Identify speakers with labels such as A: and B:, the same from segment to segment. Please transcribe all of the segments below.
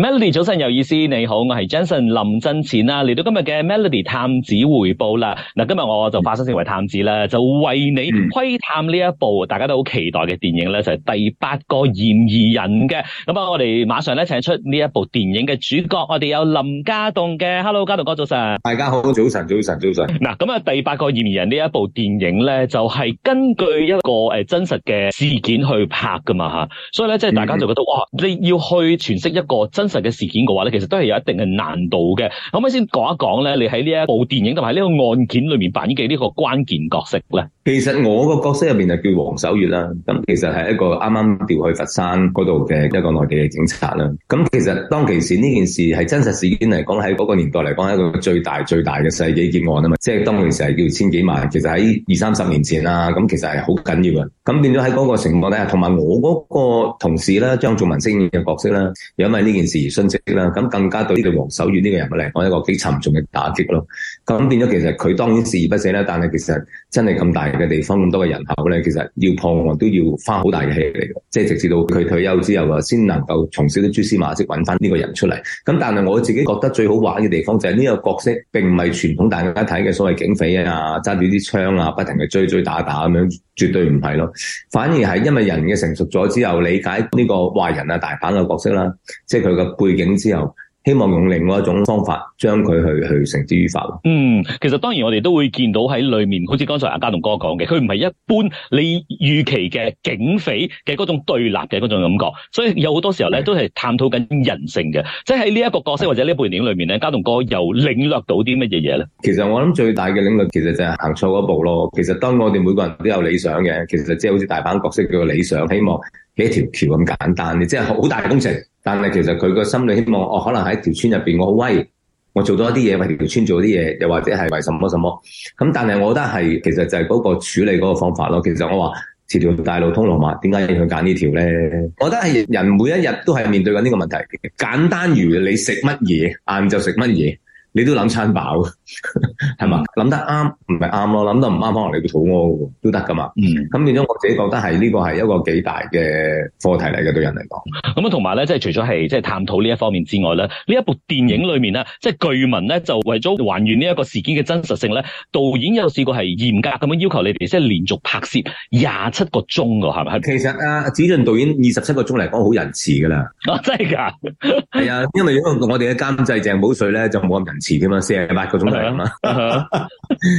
A: Melody 早晨有意思，你好，我係 Jenson 林振錢啊。嚟到今日嘅 Melody 探子回報啦。嗱，今日我就化身成為探子啦，嗯、就為你窺探呢一部大家都好期待嘅電影咧，就係、是、第八個嫌疑人嘅。咁啊，我哋馬上咧請出呢一部電影嘅主角，我哋有林家棟嘅、嗯、Hello 家棟哥早晨。
B: 大家好，早晨，早晨，早
A: 晨。嗱，咁啊，第八個嫌疑人呢一部電影咧，就係、是、根據一個誒真實嘅事件去拍噶嘛吓，所以咧即係大家就覺得哇，你要去詮釋一個真。實嘅事件嘅話咧，其實都係有一定嘅難度嘅。可唔可以先講一講咧，你喺呢一部電影同埋呢個案件裏面扮演嘅呢個關鍵角色咧？
B: 其實我個角色入邊係叫黃守月啦。咁其實係一個啱啱調去佛山嗰度嘅一個內地嘅警察啦。咁其實當其時呢件事係真實事件嚟講，喺嗰個年代嚟講，係一個最大最大嘅世紀劫案啊嘛。即係當其時係叫千幾萬，其實喺二三十年前啦，咁其實係好緊要嘅。咁變咗喺嗰個情況底下，同埋我嗰個同事咧，張頌文飾演嘅角色咧，因為呢件事，而殉職啦，咁更加對呢個王守月呢個人嚟講一個幾沉重嘅打擊咯。咁變咗其實佢當然鍥而不捨啦，但係其實真係咁大嘅地方，咁多嘅人口咧，其實要破案都要花好大嘅氣力。即係直至到佢退休之後啊，先能夠從小啲蛛絲馬跡揾翻呢個人出嚟。咁但係我自己覺得最好玩嘅地方就係呢個角色並唔係傳統大家睇嘅所謂警匪啊，揸住啲槍啊，不停去追追打打咁樣，絕對唔係咯。反而係因為人嘅成熟咗之後，理解呢個壞人啊、大反派嘅角色啦，即係佢。個背景之後，希望用另外一種方法將佢去去繩之於法。嗯，其實
A: 當然我哋都會見到喺裏面，好似剛才阿家棟哥講嘅，佢唔係一般你預期嘅警匪嘅嗰種對立嘅嗰種感覺，所以有好多時候咧都係探討緊人性嘅。即係喺呢一個角色或者呢部電影裏面咧，家棟哥又領略到啲乜嘢嘢咧？
B: 其實我諗最大嘅領略，其實就係行錯一步咯。其實當我哋每個人都有理想嘅，其實即係好似大阪角色叫做理想，希望幾條橋咁簡單，即係好大工程。但係其實佢個心理希望，哦，可能喺條村入邊，我好威，我做多一啲嘢，為條村做啲嘢，又或者係為什麼什麼。咁、嗯、但係我覺得係其實就係嗰個處理嗰個方法咯。其實我話條條大路通羅馬，點解要佢揀呢條咧？我覺得係人每一日都係面對緊呢個問題。簡單如你食乜嘢，晏晝食乜嘢。你都諗餐飽，係 嘛？諗得啱唔係啱咯，諗得唔啱可能你會肚餓都得噶嘛。嗯，咁變咗我自己覺得係呢個係一個幾大嘅課題嚟嘅，對人嚟講。
A: 咁啊同埋咧，即係除咗係即係探討呢一方面之外咧，呢一部電影裏面咧，即係據聞咧就為咗還原呢一個事件嘅真實性咧，導演有試過係嚴格咁樣要求你哋，即係連續拍攝廿七個鐘㗎喎，
B: 係咪？其實啊，子俊導演二十七個鐘嚟講好仁慈㗎啦，啊，真係㗎，係 啊，因為如果我哋嘅監製鄭保瑞咧就冇咁仁。遲啲嘛，四十八個鐘頭啦。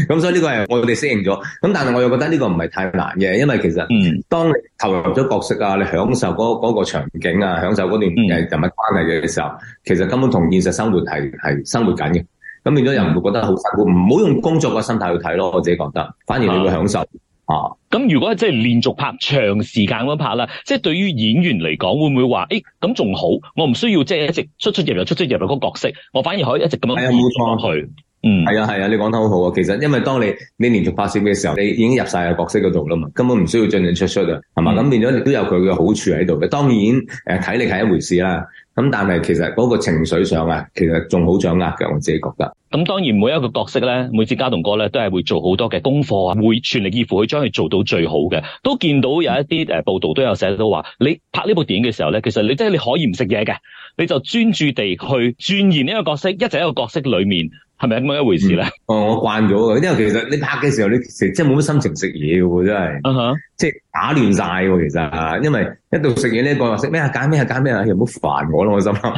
B: 咁所以呢個係我哋適應咗。咁但係我又覺得呢個唔係太難嘅，因為其實當你投入咗角色啊，你享受嗰嗰個場景啊，享受嗰段誒人物關係嘅時候，其實根本同現實生活係係生活緊嘅。咁變咗人唔會覺得好辛苦。唔好用工作嘅心態去睇咯，我自己覺得，反而你會享受。啊，咁、嗯、如果即係連續拍長
A: 時間咁拍啦，即係對於演員嚟講，會唔會話誒咁仲好？我唔需要即係一直
B: 出出入入出出入入嗰角色，我反而可以一直咁樣係啊，冇錯，係，嗯，係啊，係啊，你講得好好啊。其實因為當你你連續拍攝嘅時候，你已經入晒個角色嗰度啦嘛，根本唔需要進進出出啊，係嘛，咁、嗯、變咗亦都有佢嘅好處喺度嘅。當然，誒、呃，體力係一回事啦。咁但係其實嗰個情緒上啊，其實仲好掌握嘅，我自己覺得。
A: 咁當然每一個角色咧，每次家棟哥咧都係會做好多嘅功課啊，會全力以赴去將佢做到最好嘅。都見到有一啲誒報道都有寫到話，你拍呢部電影嘅時候咧，其實你真係、即係、你可以唔食嘢嘅，你就專注地去鑽研呢個角色，一直喺個角色裏面。係咪咁樣一回事咧？哦、嗯，我慣
B: 咗嘅，因為其實你拍嘅時候，你食真係冇乜心情食嘢嘅，真係，uh huh. 即係打亂晒嘅，其實啊，因為一度食嘢呢一個，食咩啊，揀咩啊，揀咩啊，又唔好煩我咯，我心諗，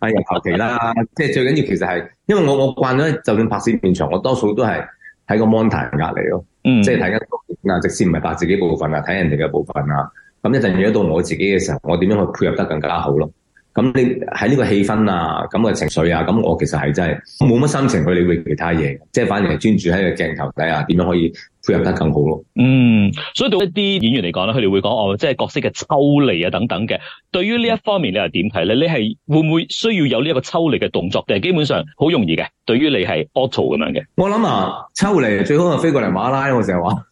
B: 哎呀，求其啦， 即係最緊要其實係，因為我我慣咗，就算拍攝現場，我多數都係喺個 monitor 隔籬咯，mm hmm. 即係睇緊嗱，即使唔係拍自己部分啊，睇人哋嘅部分啊，咁一陣嘢到我自己嘅時候，我點樣去配合得更加好咯？咁你喺呢個氣氛啊，咁嘅情緒啊，咁我其實係真係冇乜心情去理會其他嘢，即係反而係專注喺個鏡頭底下，點樣可以配合得更好咯。嗯，所以對一啲演員
A: 嚟講咧，佢哋會講哦，即係角色嘅抽離啊，等等嘅。對於呢一方面，你又點睇咧？你係會唔會需要有呢一個抽離嘅動作嘅？基本上好容易嘅，對於你係 auto 咁樣嘅。
B: 我諗啊，抽離最好係飛過嚟馬拉，我成日話。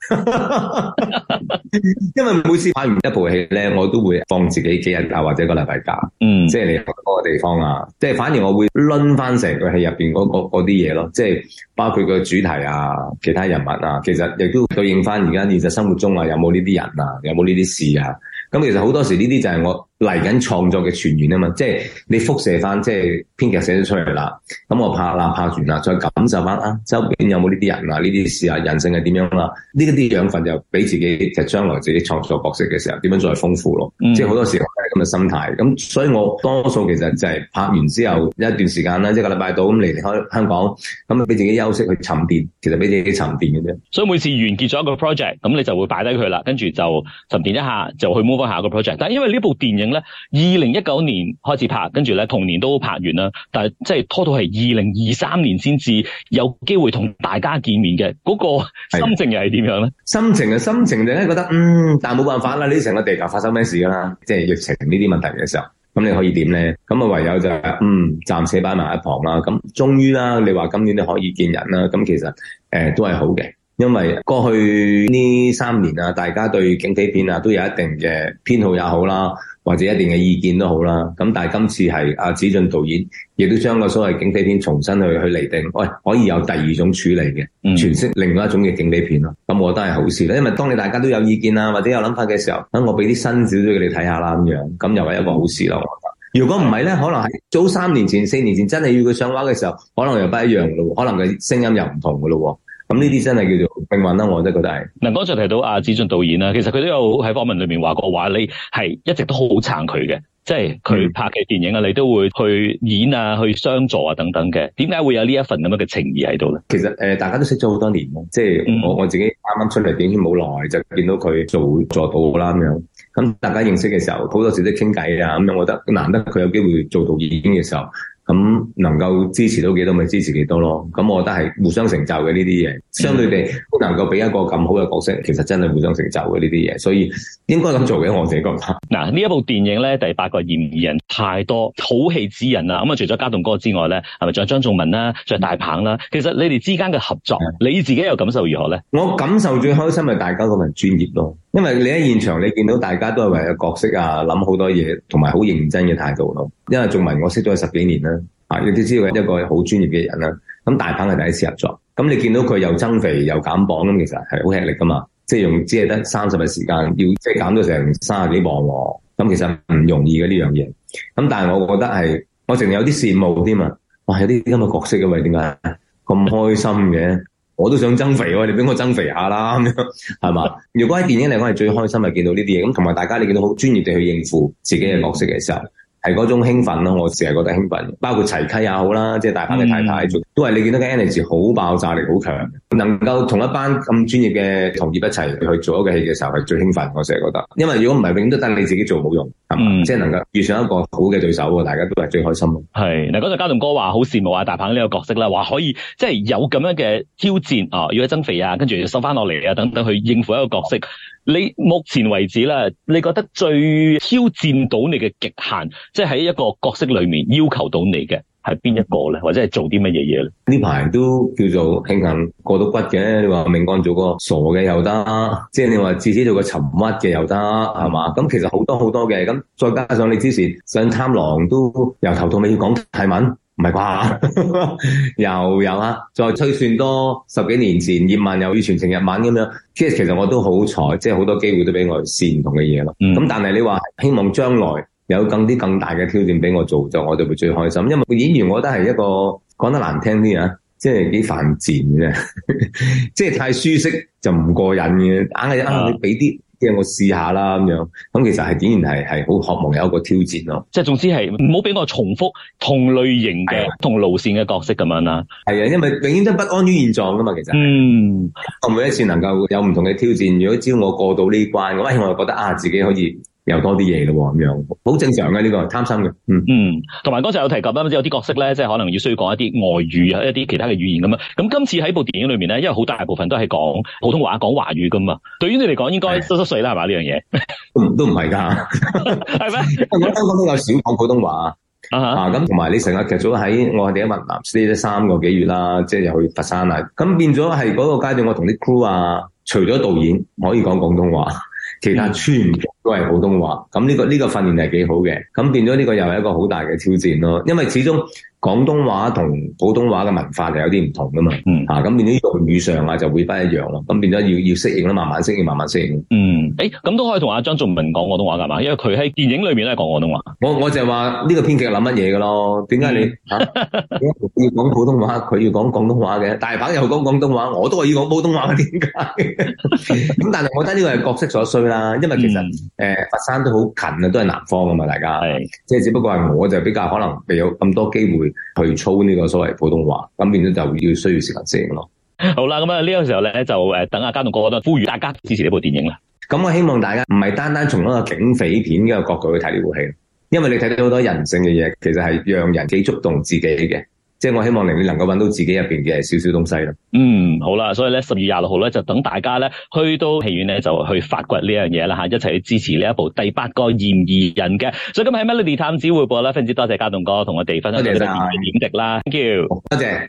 B: 因為每次拍完一部戲咧，我都會放自己幾日假或者個禮拜假。嗯，即係你嗰個地方啊，即係反而我會輪翻成個戲入邊嗰個啲嘢咯，即係包括個主題啊、其他人物啊，其實。亦都對應翻而家現實生活中啊，有冇呢啲人啊，有冇呢啲事啊？咁、嗯、其實好多時呢啲就係我。嚟緊創作嘅泉源啊嘛，即係你輻射翻，即係編劇寫咗出嚟啦。咁我拍啦，拍完啦，再感受翻啦，周邊有冇呢啲人啊、呢啲事啊、人性係點樣啦、啊？呢啲養分就俾自己，就其實將來自己創作角色嘅時候，點樣再豐富咯。嗯、即係好多時候係咁嘅心態。咁所以我多數其實就係拍完之後一段時間啦，一個禮拜到，咁你離開香港，咁俾自己休息去沉澱。其實俾自己沉澱嘅啫。
A: 所以每次完結咗一個 project，咁你就會擺低佢啦，跟住就沉澱一下，就去 move 下一個 project。但係因為呢部電影。二零一九年開始拍，跟住咧，同年都拍完啦。但係即係拖到係二零二三年先至有機會同大家見
B: 面嘅，嗰、嗰個心情又係點樣呢？心情啊，心情就係覺得嗯，但係冇辦法啦，呢成個地球發生咩事㗎啦，即係疫情呢啲問題嘅時候，咁你可以點呢？咁啊，唯有就係嗯，暫時擺埋一旁啦。咁終於啦，你話今年你可以見人啦，咁其實誒、呃、都係好嘅，因為過去呢三年啊，大家對警匪片啊都有一定嘅偏好也好啦。或者一定嘅意見都好啦，咁但係今次係阿、啊、子俊導演亦都將個所謂警匪片重新去去釐定，喂可，可以有第二種處理嘅，詮釋另外一種嘅警匪片咯。咁、嗯、我覺得係好事啦，因為當你大家都有意見啊，或者有諗法嘅時候，等我俾啲新少少嘅你睇下啦咁樣，咁又係一個好事咯。我覺得，如果唔係咧，可能喺早三年前、四年前真係要佢上畫嘅時候，可能又不一樣嘅咯，可能佢聲音又唔同嘅咯。咁呢啲真係叫做命運啦、啊，我真係覺得係。
A: 嗱、嗯，剛才提到阿、啊、子俊導演啦、啊，其實佢都有喺訪問裏面話過話，你係一直都好撐佢嘅，即係佢拍嘅電影啊，嗯、你都會去演啊，去相助啊等等嘅。點解會有呢一份咁樣嘅情誼喺度咧？其實誒、呃，大家都識咗好
B: 多年咯，即係我、嗯、我自己啱啱出嚟，點知冇耐就見到佢做做到啦咁樣。咁大家認識嘅時候，好多時都傾偈啊咁樣。我覺得難得佢有機會做導演嘅時候。咁能夠支持到幾多咪支持幾多咯，咁我覺得係互相成就嘅呢啲嘢，相對地能夠俾一個咁好嘅角色，其實真係互相成就嘅呢啲嘢，所以應該咁做嘅我自己覺得。
A: 嗱呢一部電影咧，第八個嫌疑人太多好戲之人啦，咁啊除咗家棟哥之外咧，係咪仲有張仲文啦、啊，仲有大鵬啦、啊？其實你哋之間嘅合作，的你
B: 自己又感受如何咧？我感受最開心咪大家嗰份專業咯。因為你喺現場，你見到大家都係為個角色啊，諗好多嘢，同埋好認真嘅態度咯。因為做文我識咗十幾年啦，啊，你都知道佢係一個好專業嘅人啦。咁大鵬係第一次合作，咁你見到佢又增肥又減磅咁，其實係好吃力噶嘛。即係用只係得三十日時間，要即係減咗成三十幾磅喎。咁其實唔容易嘅呢樣嘢。咁但係我覺得係，我淨有啲羨慕添啊！哇，有啲咁嘅角色嘅喂，點解咁開心嘅？我都想增肥喎、啊，你俾我增肥下啦咁樣， 係嘛？ 如果喺電影嚟講，係最開心係見到呢啲嘢，咁同埋大家你見到好專業地去應付自己嘅角色嘅時候。嗯係嗰種興奮咯，我成日覺得興奮，包括齊溪也好啦，即係大鵬嘅太太做，嗯、都係你見到嘅。energy 好爆炸力，好強，嗯、能夠同一班咁專業嘅同業一齊去做一個戲嘅時候，係最興奮。我成日覺得，因為如果唔係，永遠都得你自己做冇用，嗯、即係能夠遇上一個好嘅對手，大家都係最開心。係
A: 嗱，嗰陣嘉龍哥話好羨慕啊，大鵬呢個角色啦，話可以即係、就是、有咁樣嘅挑戰啊、哦，要增肥啊，跟住要收翻落嚟啊，等等去應付一個角色。你目前為止啦，你覺得最挑戰到你嘅極限，即係喺一個角色裏面要求
B: 到你嘅係邊一個咧？或者係做啲乜嘢嘢咧？呢排都叫做慶幸過到骨嘅，你話明光做個傻嘅又得，即係你話自己做個沉默嘅又得，係嘛？咁其實好多好多嘅，咁再加上你之前想貪狼都由頭到尾要講泰文。唔係啩？又有啦，再推算多十幾年前，葉問又要全程日文咁樣，即係其實我都好彩，即係好多機會都俾我試唔同嘅嘢咯。咁、嗯、但係你話希望將來有更啲更大嘅挑戰俾我做，就我就會最開心。因為演員，我覺得係一個講得難聽啲啊，即係幾犯賤嘅， 即係太舒適就唔過癮嘅，硬係硬係俾啲。我試下啦，咁樣，咁其實係竟然係係好渴望有一個挑戰咯。即係總之係唔好畀我重複同類型嘅的同路線嘅角色咁樣啦。係啊，因為永遠都不安於現狀㗎嘛，其實。嗯，我每一次能夠有唔同嘅挑戰，如果只要我過到呢關嘅話，我係我係覺得啊，自己可以。又多啲嘢咯，咁樣好正常嘅呢、這個貪心嘅，嗯嗯，同埋嗰陣有提及
A: 啊，有啲角色咧，即係可能要需要講一啲外語啊，一啲其他嘅語言咁啊。咁今次喺部電影裏面咧，因為好大部分都係講普通話，講華語噶嘛。對於你嚟講，應該濕濕碎啦，係嘛呢樣嘢？吧
B: 都唔係噶，係 咩嗎？因為香港都有少講普通話、uh huh. 啊。咁同埋你成日劇組喺我哋喺雲南 stay 咗三個幾月啦，即、就、係、是、又去佛山啊。咁變咗係嗰個階段，我同啲 crew 啊，除咗導演可以講廣東話，其他全部、嗯。都係普通話，咁呢、這個呢、這個訓練係幾好嘅，咁變咗呢個又係一個好大嘅挑戰咯。因為始終廣東話同普通話嘅文化就有啲唔同噶嘛，嗯，吓咁、啊、變咗用語上啊就會不一樣咯，咁變咗要要適應啦，慢慢適應，慢慢適應。嗯，
A: 誒，咁都可以同阿張頌文講廣東話噶嘛？因為佢喺電影裏面都係講廣東話，
B: 我我就係話呢個編劇諗乜嘢噶咯？點解你要講普通話，佢要講廣東話嘅？大鵬又講廣東話，我都係要講普通話，點解？咁但係我覺得呢個係角色所需啦，因為其實、嗯。誒、欸，佛山都好近啊，都係南方啊嘛，大家係，即係是只不過係我就比較可能未有咁多機會去操呢個所謂普通話，咁變咗就要需要需要時間適應咯。
A: 好啦，咁啊呢個時候咧就誒等阿家棟哥都呼籲大家支持呢部電影啦。
B: 咁我希望大家唔係單單從一個警匪片嘅角度去睇呢部戲，因為你睇到好多人性嘅嘢，其實係讓人幾觸動自己嘅。即係我希望你能夠揾到自己入邊嘅少少東西啦。嗯，好啦，
A: 所以咧十月廿六號咧就等大家咧去到戲院咧就去發掘呢樣嘢啦吓，一齊去支持呢一部第八個嫌疑人嘅。所以今日喺 Melody 探子回報啦，非常之多謝家棟哥同我哋分享呢個演繹啦，Thank you，多謝。謝謝